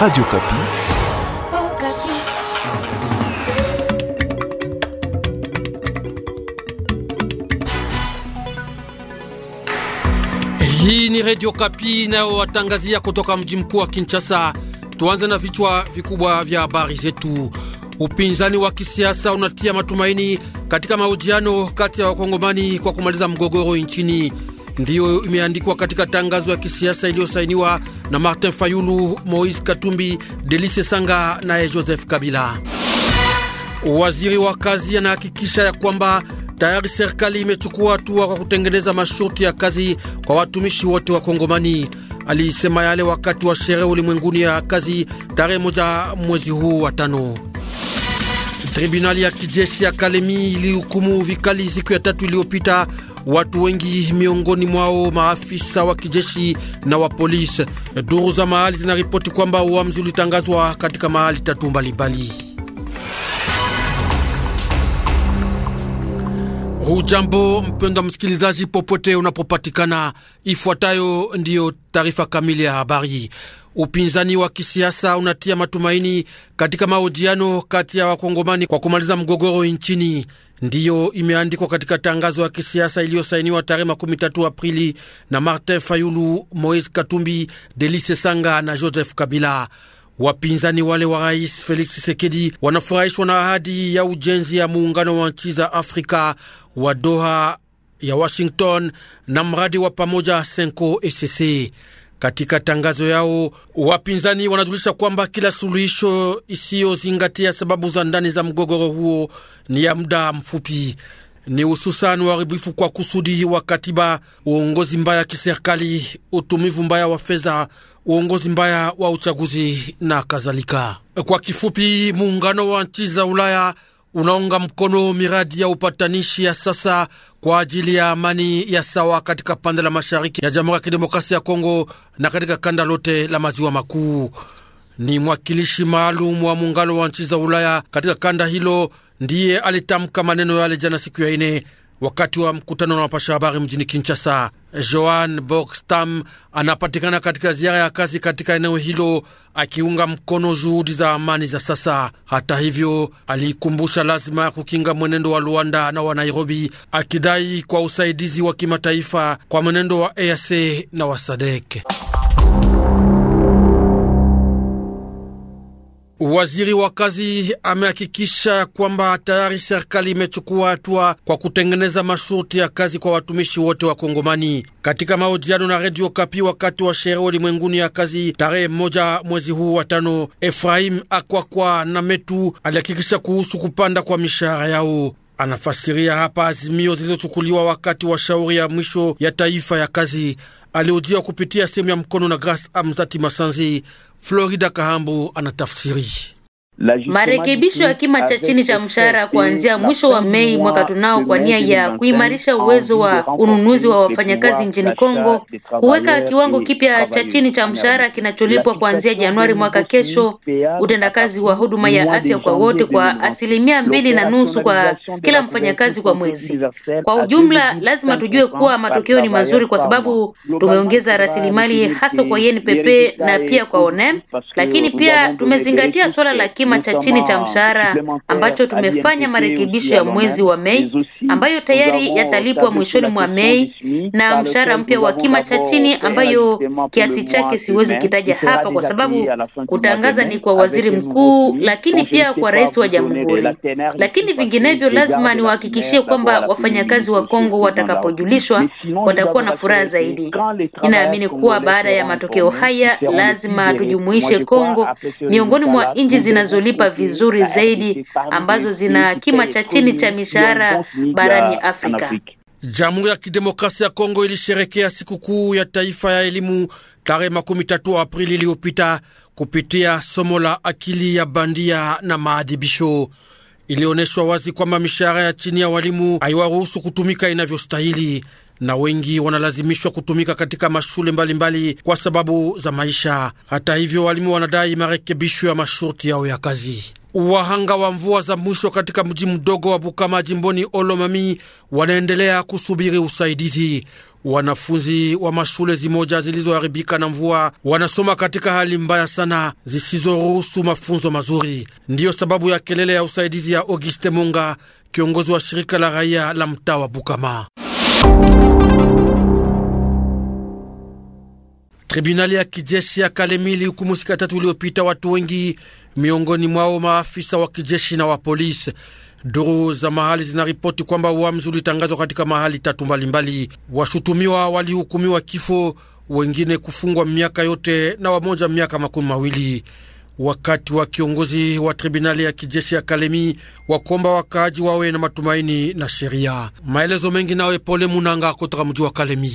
Radio Kapi. Oh, Kapi. Hii ni Radio Kapi watangazia kutoka mji mkuu wa Kinshasa. Tuanze na vichwa vikubwa vya habari zetu. Upinzani wa kisiasa unatia matumaini katika mahojiano kati ya wakongomani kwa kumaliza mgogoro nchini. Ndiyo imeandikwa katika tangazo ya kisiasa iliyosainiwa na Martin Fayulu, Moise Katumbi, Delice Sanga naye Joseph Kabila. Waziri wa kazi anahakikisha ya kwamba tayari serikali imechukua hatua kwa kutengeneza masharti ya kazi kwa watumishi wote wa Kongomani. Aliisema yale wakati wa sherehe ulimwenguni ya kazi tarehe moja mwezi huu wa tano. Tribunali ya kijeshi ya Kalemi ilihukumu vikali siku ya tatu iliyopita watu wengi miongoni mwao maafisa wa kijeshi na wa polisi. Duru za mahali zinaripoti kwamba uamuzi ulitangazwa katika mahali tatu mbalimbali. Hujambo mpendwa msikilizaji, popote unapopatikana, ifuatayo ndiyo taarifa kamili ya habari. Upinzani wa kisiasa unatia matumaini katika mahojiano kati ya wakongomani kwa kumaliza mgogoro nchini ndiyo imeandikwa katika tangazo ya kisiasa iliyosainiwa tarehe tatu Aprili na Martin Fayulu, Moise Katumbi, Delise Sanga na Joseph Kabila. Wapinzani wale wa rais Felix Tshisekedi wanafurahishwa na ahadi ya ujenzi ya muungano wa nchi za Afrika wa Doha ya Washington na mradi wa pamoja Senko ECC. Katika tangazo yao, wapinzani wanajulisha kwamba kila suluhisho isiyozingatia sababu za ndani za mgogoro huo ni ya muda mfupi ni hususan uharibifu kwa kusudi wa katiba, uongozi mbaya kiserikali, utumivu mbaya wa fedha, uongozi mbaya wa uchaguzi na kadhalika. Kwa kifupi, muungano wa nchi za Ulaya unaunga mkono miradi ya upatanishi ya sasa kwa ajili ya amani ya sawa katika pande la mashariki ya Jamhuri ya Kidemokrasia ya Kongo na katika kanda lote la maziwa makuu. Ni mwakilishi maalum wa muungano wa nchi za Ulaya katika kanda hilo ndiye alitamka maneno yale jana siku ya ine wakati wa mkutano na wapasha habari mjini Kinshasa. Joan Bokstam anapatikana katika ziara ya kazi katika eneo hilo akiunga mkono juhudi za amani za sasa. Hata hivyo, aliikumbusha lazima ya kukinga mwenendo wa Luanda na wa Nairobi, akidai kwa usaidizi wa kimataifa kwa mwenendo wa EAC na wa Sadek. Waziri wa kazi amehakikisha kwamba tayari serikali imechukua hatua kwa kutengeneza masharti ya kazi kwa watumishi wote wa Kongomani. Katika mahojiano na redio Kapi wakati wa sherehe ulimwenguni ya kazi tarehe moja mwezi huu wa tano, Efraim Akwakwa na Metu alihakikisha kuhusu kupanda kwa mishahara yao. Anafasiria hapa azimio zilizochukuliwa wakati wa shauri ya mwisho ya taifa ya kazi, Aliojia kupitia sehemu ya mkono na Grace Amzati Masanzi. Florida Kahambu anatafsiri. Marekebisho ya kima cha chini cha mshahara kuanzia mwisho wa Mei mwaka tunao kwa nia ya kuimarisha uwezo wa ununuzi wa wafanyakazi nchini Kongo, kuweka kiwango kipya cha chini cha mshahara kinacholipwa kuanzia Januari mwaka kesho, utendakazi wa huduma ya afya kwa wote kwa asilimia mbili na nusu kwa kila mfanyakazi kwa mwezi. Kwa ujumla, lazima tujue kuwa matokeo ni mazuri kwa sababu tumeongeza rasilimali hasa kwa YNPP na pia kwa ONEM, lakini pia tumezingatia swala la kima cha chini cha mshahara ambacho tumefanya marekebisho ya mwezi wa Mei ambayo tayari yatalipwa mwishoni mwa Mei na mshahara mpya wa kima cha chini ambayo kiasi chake siwezi kitaja hapa kwa sababu kutangaza ni kwa waziri mkuu, lakini pia kwa rais wa jamhuri. Lakini vinginevyo, lazima niwahakikishie kwamba wafanyakazi wa Kongo watakapojulishwa watakuwa na furaha zaidi. Ninaamini kuwa baada ya matokeo haya lazima tujumuishe Kongo miongoni mwa nchi zinazo zinazolipa vizuri zaidi ambazo zina kima cha chini cha mishahara barani Afrika. Jamhuri ya Kidemokrasia ya Kongo ilisherekea sikukuu ya taifa ya elimu tarehe makumi tatu Aprili iliyopita kupitia somo la akili ya bandia na maadibisho Ilioneshwa wazi kwamba mishahara ya chini ya walimu haiwaruhusu kutumika inavyostahili na wengi wanalazimishwa kutumika katika mashule mbalimbali mbali kwa sababu za maisha. Hata hivyo, walimu wanadai marekebisho ya masharti yao ya kazi. Wahanga wa mvua za mwisho katika mji mdogo wa Bukama jimboni Olomami wanaendelea kusubiri usaidizi. Wanafunzi wa mashule zimoja zilizoharibika na mvua wanasoma katika hali mbaya sana, zisizoruhusu mafunzo mazuri. Ndiyo sababu ya kelele ya usaidizi ya Auguste Munga, kiongozi wa shirika la raia la mtaa wa Bukama. Tribunali ya kijeshi ya Kalemi ilihukumu siku tatu iliyopita watu wengi, miongoni mwao maafisa wa kijeshi na wa polisi. Duru za mahali zinaripoti kwamba uamuzi ulitangazwa katika mahali tatu mbalimbali. Washutumiwa walihukumiwa kifo, wengine kufungwa miaka yote na wamoja miaka makumi mawili wakati wa kiongozi wa tribunali ya kijeshi ya Kalemi wa kuomba wakaaji wawe na matumaini na sheria. Maelezo mengi nawe Pole Munanga kutoka mji wa Kalemi.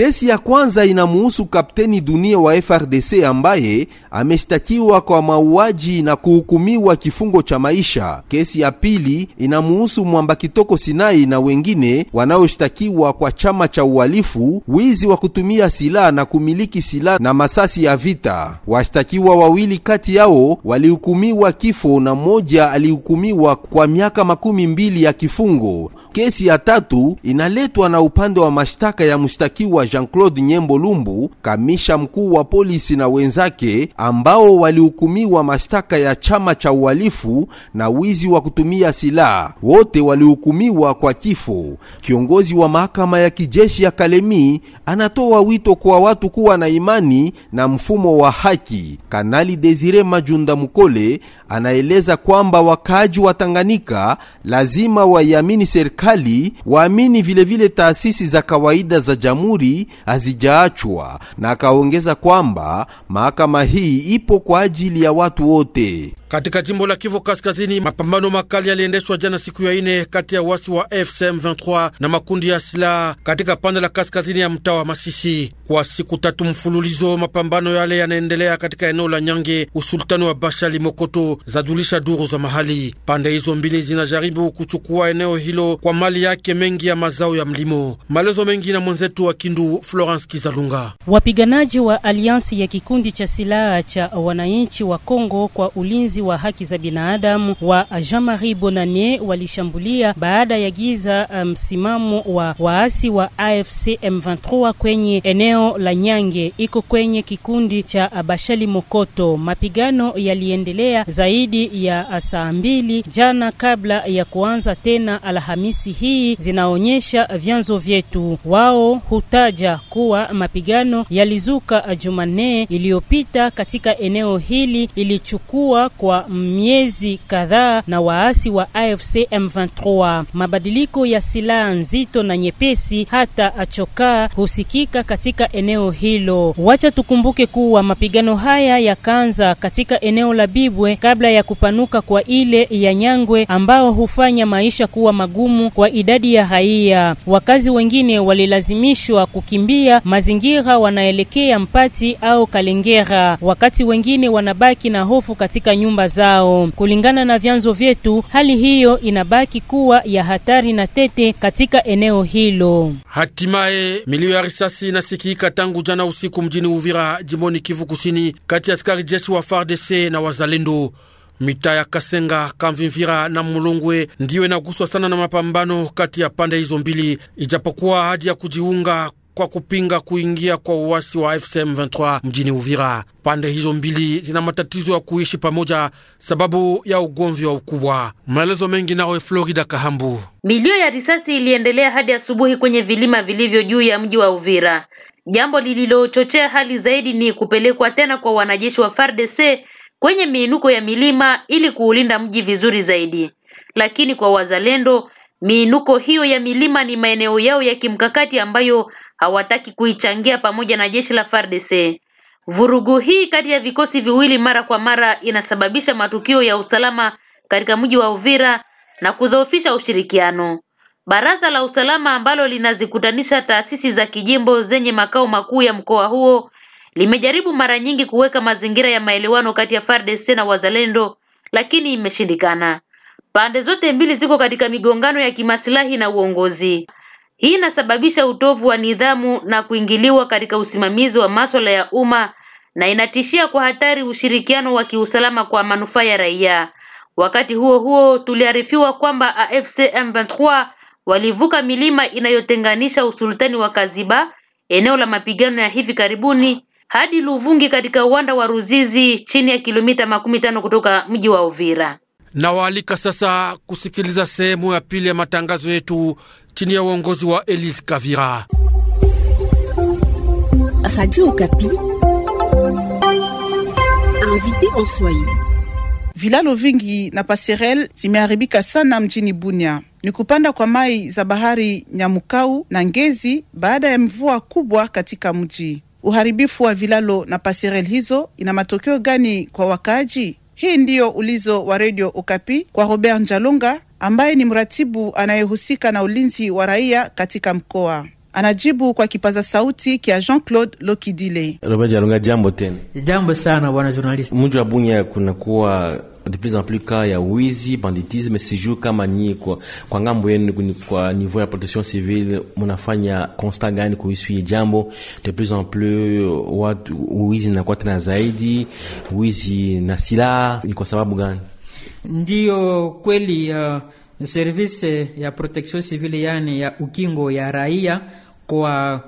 Kesi ya kwanza inamuhusu kapteni dunia wa FRDC ambaye ameshtakiwa kwa mauaji na kuhukumiwa kifungo cha maisha. Kesi ya pili inamuhusu Mwamba Kitoko Sinai na wengine wanaoshtakiwa kwa chama cha uhalifu, wizi wa kutumia silaha na kumiliki silaha na masasi ya vita. Washtakiwa wawili kati yao walihukumiwa kifo na mmoja alihukumiwa kwa miaka makumi mbili ya kifungo. Kesi ya tatu inaletwa na upande wa mashtaka ya mshtakiwa Jean-Claude Nyembo Lumbu, kamisha mkuu wa polisi na wenzake ambao walihukumiwa mashtaka ya chama cha uhalifu na wizi wa kutumia silaha. Wote walihukumiwa kwa kifo. Kiongozi wa mahakama ya kijeshi ya Kalemi anatoa wito kwa watu kuwa na imani na mfumo wa haki. Kanali Desire Majunda Mukole anaeleza kwamba wakaaji wa Tanganyika lazima waiamini serikali, waamini vilevile taasisi za kawaida za jamhuri hii hazijaachwa, na akaongeza kwamba mahakama hii ipo kwa ajili ya watu wote. Katika jimbo la Kivu Kaskazini, mapambano makali yaliendeshwa jana siku ya ine kati ya wasi wa FCM 23 na makundi ya silaha katika pande la kaskazini ya mtaa wa Masisi. Kwa siku tatu mfululizo, mapambano yale yanaendelea katika eneo la Nyange, usultani wa Bashali Mokoto, zajulisha duru za mahali. Pande hizo mbili zinajaribu kuchukua eneo hilo kwa mali yake mengi ya mazao ya mlimo. Maelezo mengi na mwenzetu wa Kindu, Florence Kizalunga. Wapiganaji wa aliansi ya kikundi cha silaha cha wananchi wa Kongo kwa ulinzi watetezi wa haki za binadamu wa Jean-Marie Bonane walishambulia baada ya giza um, msimamo um, wa waasi wa AFC M23 kwenye eneo la Nyange iko kwenye kikundi cha Bashali Mokoto. Mapigano yaliendelea zaidi ya uh, saa mbili jana kabla ya kuanza tena Alhamisi hii, zinaonyesha vyanzo vyetu. Wao hutaja kuwa mapigano yalizuka Jumanne iliyopita katika eneo hili ilichukua kwa kwa miezi kadhaa na waasi wa AFC M23. Mabadiliko ya silaha nzito na nyepesi hata achokaa husikika katika eneo hilo. Wacha tukumbuke kuwa mapigano haya kanza katika eneo la Bibwe kabla ya kupanuka kwa ile ya Nyangwe ambao hufanya maisha kuwa magumu kwa idadi ya raia. Wakazi wengine walilazimishwa kukimbia mazingira, wanaelekea Mpati au Kalengera, wakati wengine wanabaki na hofu katika nyumba nyumba zao. Kulingana na vyanzo vyetu, hali hiyo inabaki kuwa ya hatari na tete katika eneo hilo. Hatimaye milio ya risasi inasikika tangu jana usiku mjini Uvira, jimboni Kivu Kusini, kati ya askari jeshi wa FARDC na wazalendo. Mitaa ya Kasenga, Kamvimvira na mulungwe ndiyo inaguswa sana na mapambano kati ya pande hizo mbili, ijapokuwa hadi ya kujiunga kwa kupinga kuingia kwa uasi wa FCM23 mjini Uvira. Pande hizo mbili zina matatizo ya kuishi pamoja sababu ya ugomvi wa ukubwa. Maelezo mengi nawe Florida Kahambu. Milio ya risasi iliendelea hadi asubuhi kwenye vilima vilivyo juu ya mji wa Uvira. Jambo lililochochea hali zaidi ni kupelekwa tena kwa wanajeshi wa FARDC kwenye miinuko ya milima ili kuulinda mji vizuri zaidi. Lakini kwa wazalendo Miinuko hiyo ya milima ni maeneo yao ya kimkakati ambayo hawataki kuichangia pamoja na jeshi la FARDC. Vurugu hii kati ya vikosi viwili mara kwa mara inasababisha matukio ya usalama katika mji wa Uvira na kudhoofisha ushirikiano. Baraza la usalama ambalo linazikutanisha taasisi za kijimbo zenye makao makuu ya mkoa huo limejaribu mara nyingi kuweka mazingira ya maelewano kati ya FARDC na wazalendo lakini imeshindikana. Pande zote mbili ziko katika migongano ya kimaslahi na uongozi. Hii inasababisha utovu wa nidhamu na kuingiliwa katika usimamizi wa masuala ya umma na inatishia kwa hatari ushirikiano wa kiusalama kwa manufaa ya raia. Wakati huo huo, tuliarifiwa kwamba AFC M23 walivuka milima inayotenganisha usultani wa Kaziba, eneo la mapigano ya hivi karibuni, hadi Luvungi katika uwanda wa Ruzizi chini ya kilomita makumi tano kutoka mji wa Uvira. Nawaalika sasa kusikiliza sehemu ya pili ya matangazo yetu chini ya uongozi wa Elise Kavira. Vilalo vingi na paserel zimeharibika sana mjini Bunia. Ni kupanda kwa mai za bahari Nyamukau na Ngezi baada ya mvua kubwa katika mji. Uharibifu wa vilalo na paserel hizo ina matokeo gani kwa wakaaji? Hii ndiyo ulizo wa redio ukapi kwa Robert Njalunga ambaye ni mratibu anayehusika na ulinzi wa raia katika mkoa. Anajibu kwa kipaza sauti kia Jean-Claude Lokidile. Robert Njalunga, jambo tena. Jambo sana bwana journalist. Mji wa Bunya kunakuwa de plus en plus kaa ya wizi banditisme sijuu kama nyie kwa, kwa ngambo yenu kwa niveau ya protection civile munafanya constat gani kuhusu hii jambo? De plus en plus watu wizi nakuwa tena zaidi, wizi na silaha ni kwa sababu gani? Ndiyo kweli, uh, service ya protection civile yani ya ukingo ya raia kwa,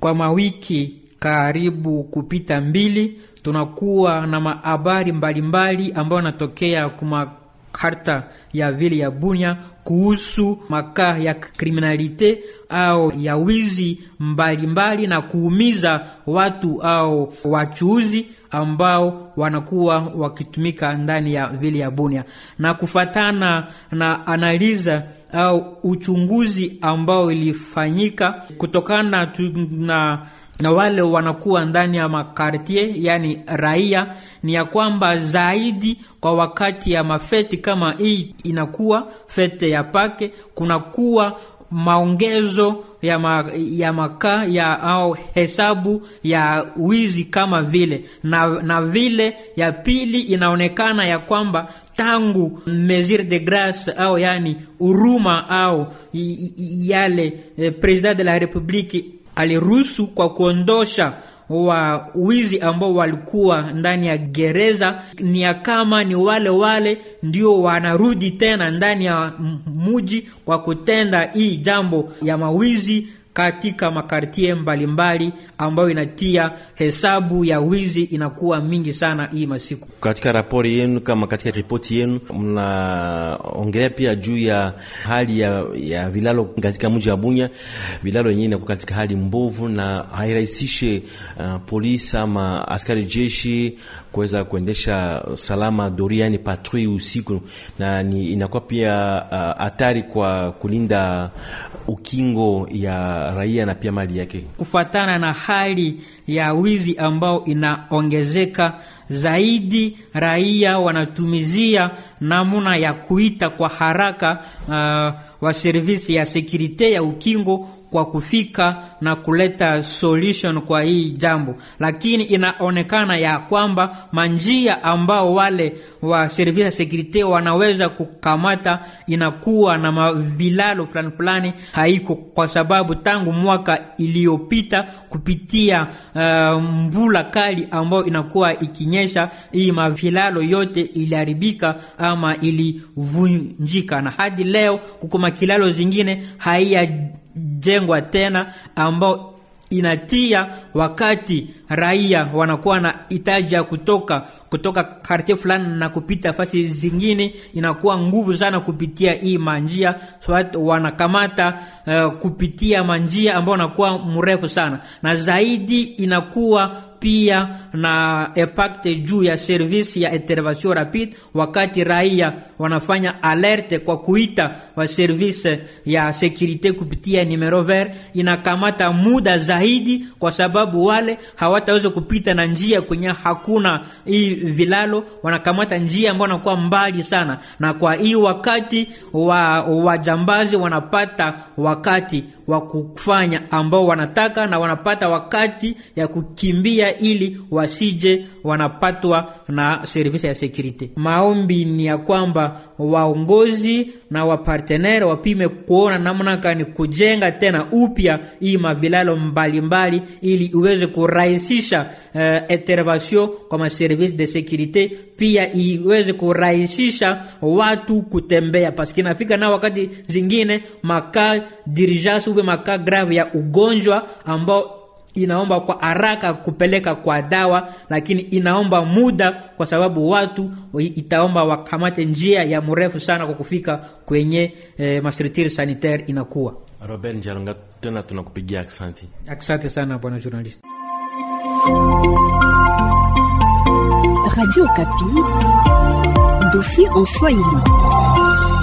kwa mawiki karibu kupita mbili, tunakuwa na mahabari mbalimbali ambayo anatokea kuma karta ya vile ya bunya kuhusu makaa ya kriminalite au ya wizi mbalimbali mbali, na kuumiza watu au wachuuzi ambao wanakuwa wakitumika ndani ya vile ya Bunia. Na kufatana na analiza au uchunguzi ambao ilifanyika kutokana na na wale wanakuwa ndani ya makartie yani raia, ni ya kwamba zaidi kwa wakati ya mafeti kama hii inakuwa fete ya pake, kunakuwa maongezo ya, ma, ya makaa ya au hesabu ya wizi kama vile na, na vile ya pili inaonekana ya kwamba tangu mesure de grace au yani huruma au yale eh, president de la republique aliruhusu kwa kuondosha wa wizi ambao walikuwa ndani ya gereza ni ya kama ni wale wale ndio wanarudi tena ndani ya muji kwa kutenda hii jambo ya mawizi katika makartie mbalimbali ambayo inatia hesabu ya wizi inakuwa mingi sana hii masiku. Katika rapori yenu kama katika ripoti yenu mnaongelea pia juu ya hali ya, ya vilalo katika mji wa Bunya, vilalo yenyewe inakuwa katika hali mbovu na hairahisishe uh, polisi ama askari jeshi kuweza kuendesha salama doria, yani patrui usiku, na ni inakuwa pia uh, hatari uh, kwa kulinda ukingo ya raia na pia mali yake. Kufuatana na hali ya wizi ambao inaongezeka zaidi, raia wanatumizia namna ya kuita kwa haraka uh, wa servisi ya sekurite ya ukingo kwa kufika na kuleta solution kwa hii jambo, lakini inaonekana ya kwamba manjia ambao wale wa service ya wanaweza kukamata inakuwa na mavilalo fulani fulani haiko, kwa sababu tangu mwaka iliyopita kupitia uh, mvula kali ambayo inakuwa ikinyesha, hii mavilalo yote iliharibika ama ilivunjika, na hadi leo kuko makilalo zingine haiya jengwa tena ambao inatia wakati raia wanakuwa na hitaji ya kutoka kutoka kartie fulani na kupita fasi zingine, inakuwa nguvu sana kupitia hii manjia so wanakamata uh, kupitia manjia ambao unakuwa mrefu sana na zaidi inakuwa pia na impact e juu ya service ya intervention rapide, wakati raia wanafanya alerte kwa kuita wa service ya sekurite kupitia numero vert, inakamata muda zaidi, kwa sababu wale hawataweza kupita na njia kwenye hakuna hii vilalo, wanakamata njia ambayo inakuwa mbali sana, na kwa hii wakati wa wajambazi wanapata wakati wa kufanya ambao wanataka na wanapata wakati ya kukimbia ili wasije wanapatwa na servisi ya sekurite. Maombi ni ya kwamba waongozi na wapartenere wapime kuona namna gani kujenga tena upya hii mavilalo mbalimbali ili iweze kurahisisha uh, intervention kwa maservice de securite, pia iweze kurahisisha watu kutembea, paski inafika na wakati zingine maka dirigeance ube maka grave ya ugonjwa ambao inaomba kwa haraka kupeleka kwa dawa, lakini inaomba muda, kwa sababu watu itaomba wakamate njia ya mrefu sana kwa kufika kwenye eh, masritiri sanitaire inakuwa. Robert Njalonga, tena tunakupigia aksanti. Asante sana bwana journalist. Radio Kapi, dofi en Swahili.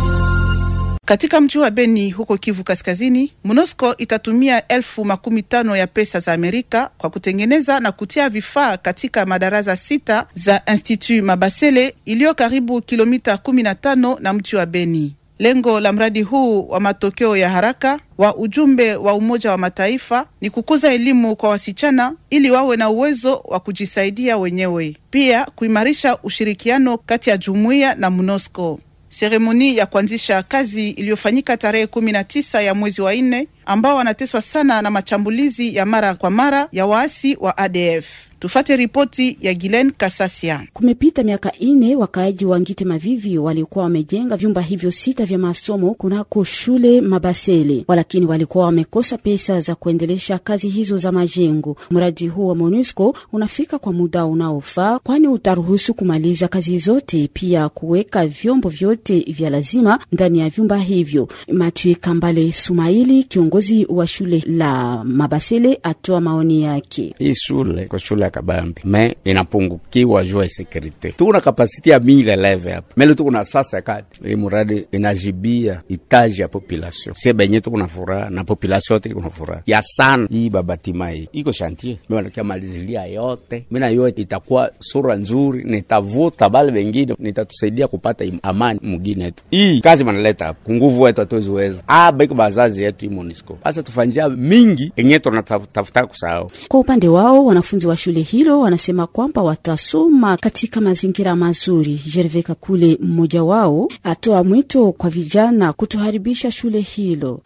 Katika mji wa Beni huko Kivu Kaskazini, MONUSCO itatumia elfu makumi tano ya pesa za Amerika kwa kutengeneza na kutia vifaa katika madarasa sita za Institut Mabasele iliyo karibu kilomita 15 na mji wa Beni. Lengo la mradi huu wa matokeo ya haraka wa ujumbe wa Umoja wa Mataifa ni kukuza elimu kwa wasichana ili wawe na uwezo wa kujisaidia wenyewe, pia kuimarisha ushirikiano kati ya jumuiya na MONUSCO. Seremoni ya kuanzisha kazi iliyofanyika tarehe kumi na tisa ya mwezi wa nne ambao wanateswa sana na mashambulizi ya mara kwa mara ya waasi wa ADF. Tufate ripoti ya Gilen Kasasia. Kumepita miaka ine wakaaji wa Ngite Mavivi walikuwa wamejenga vyumba hivyo sita vya masomo kunako shule Mabasele, walakini walikuwa wamekosa pesa za kuendelesha kazi hizo za majengo. Mradi huu wa MONUSCO unafika kwa muda unaofaa, kwani utaruhusu kumaliza kazi zote, pia kuweka vyombo vyote vya lazima ndani ya vyumba hivyo. Matwi Kambale Sumaili, Kiongozi wa shule la Mabasele atoa maoni yake. Hii shule kwa shule ya Kabambi me inapungukiwa jua ya sekurite, na kapasiti ya mille eleve hapa mele na sasa ya kati hii muradi inajibia itaji ya population sie benye na furaha na population yote na furaha ya sana. Hii babatima hii iko shantie mewanakia malizilia yote mina yote itakuwa sura nzuri, nitavuta bale bengine nitatusaidia kupata amani mugine yetu. Hii kazi manaleta hapa kunguvu wetu atuweziweza aba ah, iko bazazi yetu imoni UNESCO. Sasa tufanjia mingi enye tunatafuta kusahau. Kwa upande wao wanafunzi wa shule hilo wanasema kwamba watasoma katika mazingira mazuri. Gervais Kakule, mmoja wao, atoa mwito kwa vijana kutoharibisha shule hilo.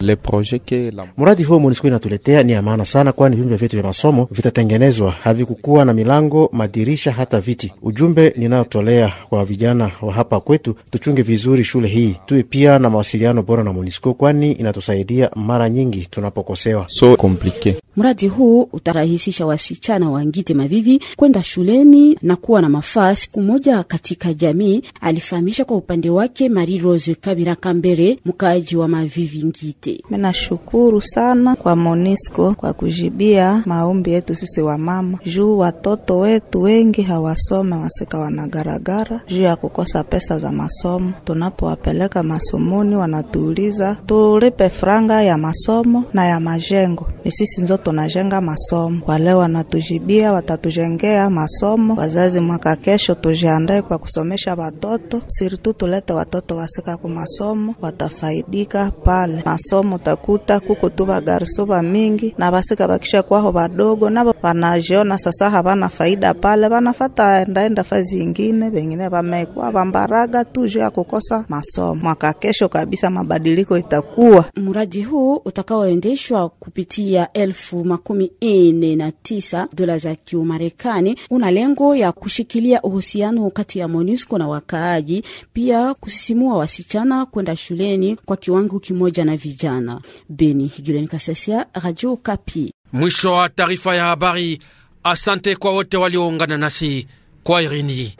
Mradi huo UNESCO inatuletea ni ya maana sana, kwani vyumba vyetu vya masomo vitatengenezwa, havikukuwa na milango, madirisha, hata viti. Ujumbe ninayotolea kwa vijana wa hapa kwetu, tuchunge vizuri shule hii, tuwe pia na mawasiliano bora na UNESCO kwani inatusaidia mara nyingi nyingi tunapokosewa, so komplike. Mradi huu utarahisisha wasichana wa Ngite Mavivi kwenda shuleni na kuwa na mafaa siku moja katika jamii, alifahamisha kwa upande wake Marie Rose Kabira Kambere, mkaaji wa Mavivi Ngite. Minashukuru sana kwa Monisco kwa kujibia maombi yetu sisi wamama, juu watoto wetu wengi hawasome, wasika wanagaragara juu ya kukosa pesa za masomo. Tunapowapeleka masomoni, wanatuuliza tulipe franga ya masomo masomo na ya majengo. Ni sisi nzo tunajenga masomo, wale wanatujibia watatujengea masomo. Wazazi, mwaka kesho tujiandae kwa kusomesha watoto, sirtu tulete watoto wasika ku masomo, watafaidika pale masomo. takuta kuko tu bagarso ba mingi na basika bakisha kwaho badogo, nabo wanajiona sasa havana faida pale, banafata endaenda fazi ingine, bengine bamekuwa bambaraga tu juu ya kukosa masomo. Mwaka kesho kabisa mabadiliko itakuwa mradi huu uta utakaoendeshwa kupitia elfu makumi ine na tisa dola za Kiumarekani una lengo ya kushikilia uhusiano kati ya MONUSCO na wakaaji, pia kusisimua wasichana kwenda shuleni kwa kiwango kimoja na vijana. Beni Higileni Kasasia, Radio Kapi. Mwisho wa taarifa ya habari. Asante kwa wote walioungana nasi kwa irini.